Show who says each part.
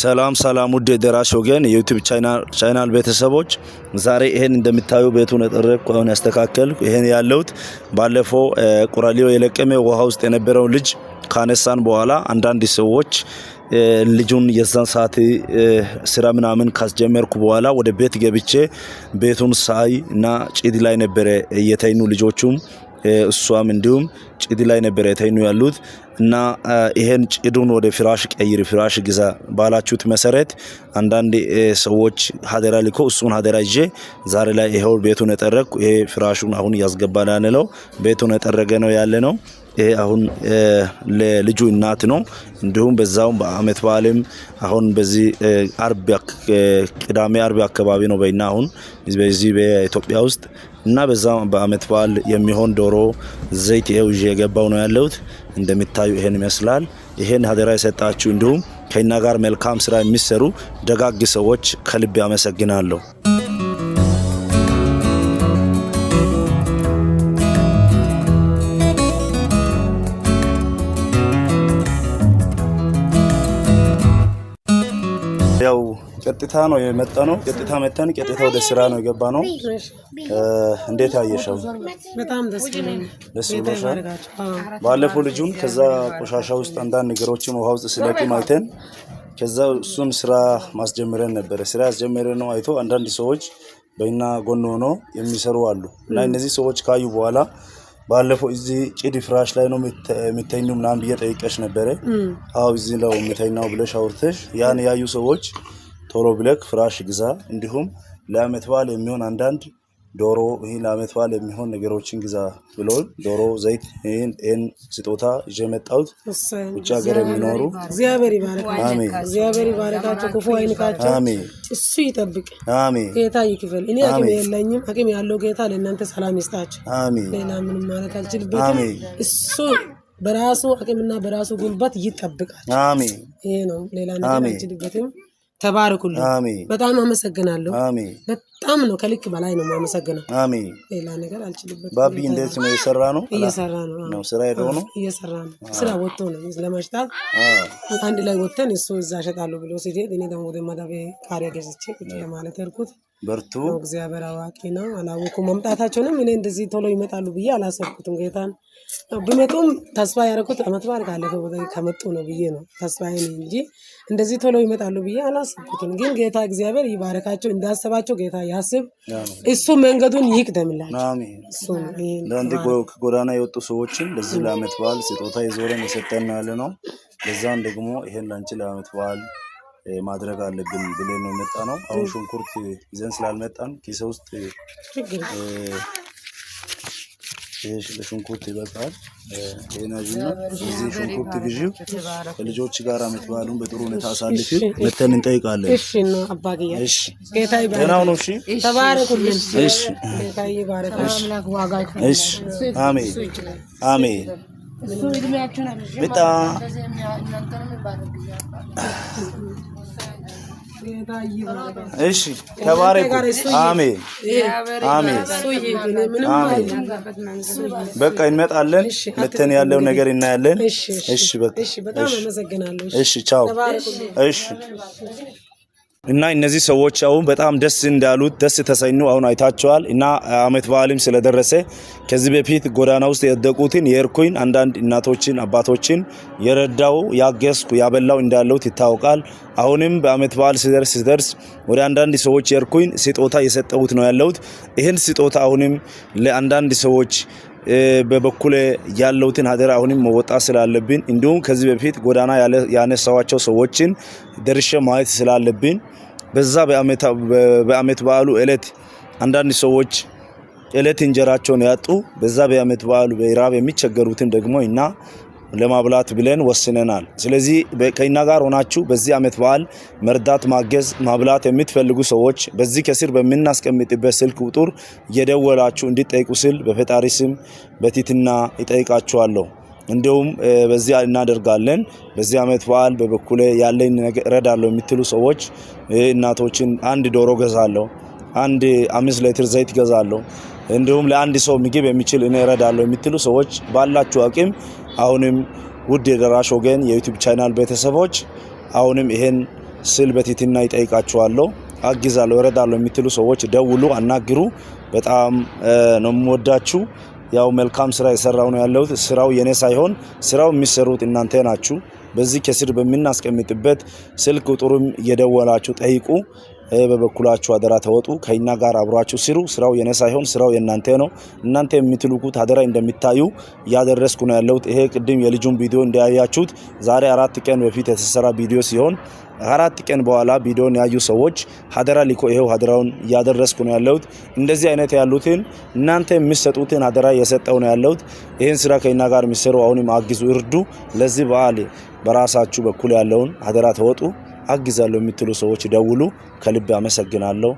Speaker 1: ሰላም ሰላም ውድ የደራሽ ወገን የዩቲዩብ ቻናል ቤተሰቦች፣ ዛሬ ይሄን እንደምታዩ ቤቱን ነጠረኩ፣ ሆን ያስተካከል ይሄን ያለሁት ባለፈው ቁራሊዮ የለቀመ ውሃ ውስጥ የነበረውን ልጅ ካነሳን በኋላ አንዳንድ ሰዎች ልጁን የዛን ሰዓት ስራ ምናምን ካስጀመርኩ በኋላ ወደ ቤት ገብቼ ቤቱን ሳይ እና ጭድ ላይ ነበረ የተኙ ልጆቹም እሷም እንዲሁም ጭድ ላይ ነበረ የተኙ ያሉት እና ይሄን ጭዱን ወደ ፍራሽ ቀይር፣ ፍራሽ ግዛ ባላችሁት መሰረት አንዳንድ ሰዎች ሀደራ ልኮ እሱን ሀደራ ይዤ ዛሬ ላይ ይኸው ቤቱን የጠረግኩ ይሄ ፍራሹን አሁን እያስገባ ነው ያለ ቤቱን የጠረገ ነው ያለ ነው። አሁን ለልጁ እናት ነው። እንዲሁም በዛውም በአመት በዓልም አሁን በዚህ አርብ ቅዳሜ አርብ አካባቢ ነው በይና አሁን በዚህ በኢትዮጵያ ውስጥ እና በዛ በአመት በዓል የሚሆን ዶሮ ዘይት ይሄው ይዤ የገባው ነው ያለሁት። እንደሚታዩ ይሄን ይመስላል። ይሄን ሀደራ የሰጣችሁ እንዲሁም ከኛ ጋር መልካም ስራ የሚሰሩ ደጋግ ሰዎች ከልብ ያመሰግናለሁ። ቀጥታ ነው የመጣ ነው። ቀጥታ መተን ቀጥታ ወደ ስራ ነው የገባ ነው። እንዴት አየሽው? በጣም ደስ ብሎሻል? ባለፈው ልጁን ከዛ ቆሻሻ ውስጥ አንዳንድ ነገሮችን ውሃ ውስጥ ስለቂ ማይተን ከዛ እሱን ስራ ማስጀምረን ነበረ። ስራ ያስጀምረን ነው አይቶ አንዳንድ ሰዎች በእኛ ጎን ሆኖ የሚሰሩ አሉ እና እነዚህ ሰዎች ካዩ በኋላ ባለፈው እዚህ ጭድ ፍራሽ ላይ ነው የሚተኙ ምናምን ብዬ ጠይቀሽ ነበረ። አዎ እዚህ ነው የሚተኛው ብለሽ አውርተሽ ያን ያዩ ሰዎች ቶሎ ብለክ ፍራሽ ግዛ። እንዲሁም ለአመት በዓል የሚሆን አንዳንድ ዶሮ ይህ ለአመት በዓል የሚሆን ነገሮችን ግዛ ብሎን ዶሮ፣ ዘይት ይህን ስጦታ ይዤ መጣሁት። ውጭ ሀገር የሚኖሩ
Speaker 2: እግዚአብሔር ይባረካቸው፣ ክፉ አይንካቸው፣ እሱ ይጠብቅ፣ ጌታ ይክፈል። እኔ አቅም የለኝም። አቅም ያለው ጌታ ለእናንተ ሰላም ይስጣቸው። ሌላ ምንም ማለት አልችልበትም። እሱ በራሱ አቅምና በራሱ ጉልበት ይጠብቃቸው። ይሄ ነው፣ ሌላ ነገር አልችልበትም። ተባርኩልኝ። በጣም አመሰግናለሁ። በጣም ነው ከልክ በላይ ነው የማመሰግነው። ሌላ ነገር አልችልበት።
Speaker 1: ባቢ እንዴት ነው እየሰራ ነው? እየሰራ ነው። ስራ ሄደው ነው
Speaker 2: እየሰራ ነው። ስራ ወጥቶ ነው ለማሽታት አንድ ላይ ወጥተን እሱ እዛ እሸጣለሁ ብሎ ሲሄድ እኔ ደግሞ ወደ መዳቤ ካሪያ ገዝቼ ማለት ያልኩት በርቱ። እግዚአብሔር አዋቂ ነው። አላወቁ መምጣታቸውንም እኔ እንደዚህ ቶሎ ይመጣሉ ብዬ አላሰብኩትም። ጌታን ብመጡም ተስፋ ያደረኩት አመት በዓል ካለፈ ከመጡ ነው ብዬ ነው ተስፋ እንጂ እንደዚህ ቶሎ ይመጣሉ ብዬ አላሰብኩትም። ግን ጌታ እግዚአብሔር ይባረካቸው፣ እንዳሰባቸው ጌታ ያስብ፣ እሱ መንገዱን ይቅደምላቸው። አንዳንድ
Speaker 1: ጎዳና የወጡ ሰዎችን ለዚህ ለአመት በዓል ስጦታ የዞረን የሰጠን ያለ ነው። ለዛም ደግሞ ይሄን ለአንቺ ለአመት በዓል ማድረግ አለብን ብለን ነው የመጣ ነው። አሁን ሽንኩርት ይዘን ስላልመጣን ኪሰ ውስጥ ሽንኩርት ይበቃል። ዜናዚና እዚህ ሽንኩርት ግዢ ከልጆች ጋር የምትባሉን በጥሩ ሁኔታ አሳልፊ መተን እንጠይቃለን። ጤና ነው። እሺ፣
Speaker 2: ተባረኩልን።
Speaker 1: እሺ፣ አሜን፣ አሜን። በጣም እሺ ተባረኩ። አሜን አሜን አሜን። በቃ እንመጣለን። መተን ያለው ነገር እናያለን። እሺ በቃ እሺ።
Speaker 2: በጣም አመሰግናለሁ።
Speaker 1: እሺ በጣም እሺ እና እነዚህ ሰዎች አሁን በጣም ደስ እንዳሉት ደስ ተሰኙ። አሁን አይታቸዋል። እና አመት በዓልም ስለደረሰ ከዚህ በፊት ጎዳና ውስጥ የወደቁትን የርኩኝ አንዳንድ እናቶችን አባቶችን የረዳው ያገዝኩ ያበላው እንዳለውት ይታወቃል። አሁንም በአመት በዓል ሲደርስ ሲደርስ ወደ አንዳንድ ሰዎች የርኩኝ ስጦታ የሰጠሁት ነው ያለውት። ይህን ስጦታ አሁንም ለአንዳንድ ሰዎች በበኩሌ ያለውትን ሀደራ አሁንም መወጣት ስላለብን እንዲሁም ከዚህ በፊት ጎዳና ያነሳዋቸው ሰዎችን ደርሸ ማየት ስላለብን በዛ በአመት በዓሉ እለት አንዳንድ ሰዎች እለት እንጀራቸውን ያጡ በዛ በአመት በዓሉ በራብ የሚቸገሩትን ደግሞ እና ለማብላት ብለን ወስነናል። ስለዚህ ከኛ ጋር ሆናችሁ በዚህ አመት በዓል መርዳት፣ ማገዝ፣ ማብላት የምትፈልጉ ሰዎች በዚህ ከስር በምናስቀምጥበት ስልክ ቁጥር እየደወላችሁ እንዲጠይቁ ስል በፈጣሪ ስም በቲትና ይጠይቃችኋለሁ። እንዲሁም በዚህ እናደርጋለን። በዚህ አመት በዓል በበኩሌ ያለኝ እረዳለሁ የምትሉ ሰዎች እናቶችን አንድ ዶሮ ገዛለሁ፣ አንድ አምስት ሌትር ዘይት ገዛለሁ እንዲሁም ለአንድ ሰው ምግብ የሚችል እኔ እረዳለሁ የሚትሉ ሰዎች ባላችሁ አቅም አሁንም ውድ የደራሽ ወገን የዩቲዩብ ቻናል ቤተሰቦች አሁንም ይሄን ስል በትህትና ይጠይቃችኋለሁ። አግዛለሁ፣ እረዳለሁ የሚትሉ ሰዎች ደውሉ፣ አናግሩ። በጣም ነው የምወዳችሁ። ያው መልካም ስራ የሰራው ነው ያለሁት። ስራው የኔ ሳይሆን ስራው የሚሰሩት እናንተ ናችሁ። በዚህ ከስር በምናስቀምጥበት ስልክ ቁጥሩም እየደወላችሁ ጠይቁ። በበኩላችሁ አደራ ተወጡ፣ ከኛ ጋር አብሯችሁ ስሩ። ስራው የኔ ሳይሆን ስራው የእናንተ ነው። እናንተ የምትልኩት አደራ እንደሚታዩ እያደረስኩ ነው ያለሁት። ይሄ ቅድም የልጁን ቪዲዮ እንዳያችሁት ዛሬ አራት ቀን በፊት የተሰራ ቪዲዮ ሲሆን አራት ቀን በኋላ ቪዲዮን ያዩ ሰዎች ሀደራ ሊኮ ይሄው ሀደራውን እያደረስኩ ነው ያለሁት። እንደዚህ አይነት ያሉትን እናንተ የሚሰጡትን ሀደራ እየሰጠው ነው ያለሁት። ይህን ስራ ከኛ ጋር የሚሰሩ አሁንም አግዙ፣ እርዱ። ለዚህ በዓል በራሳችሁ በኩል ያለውን ሀደራ ተወጡ። አግዛለሁ የምትሉ ሰዎች ደውሉ። ከልብ አመሰግናለሁ።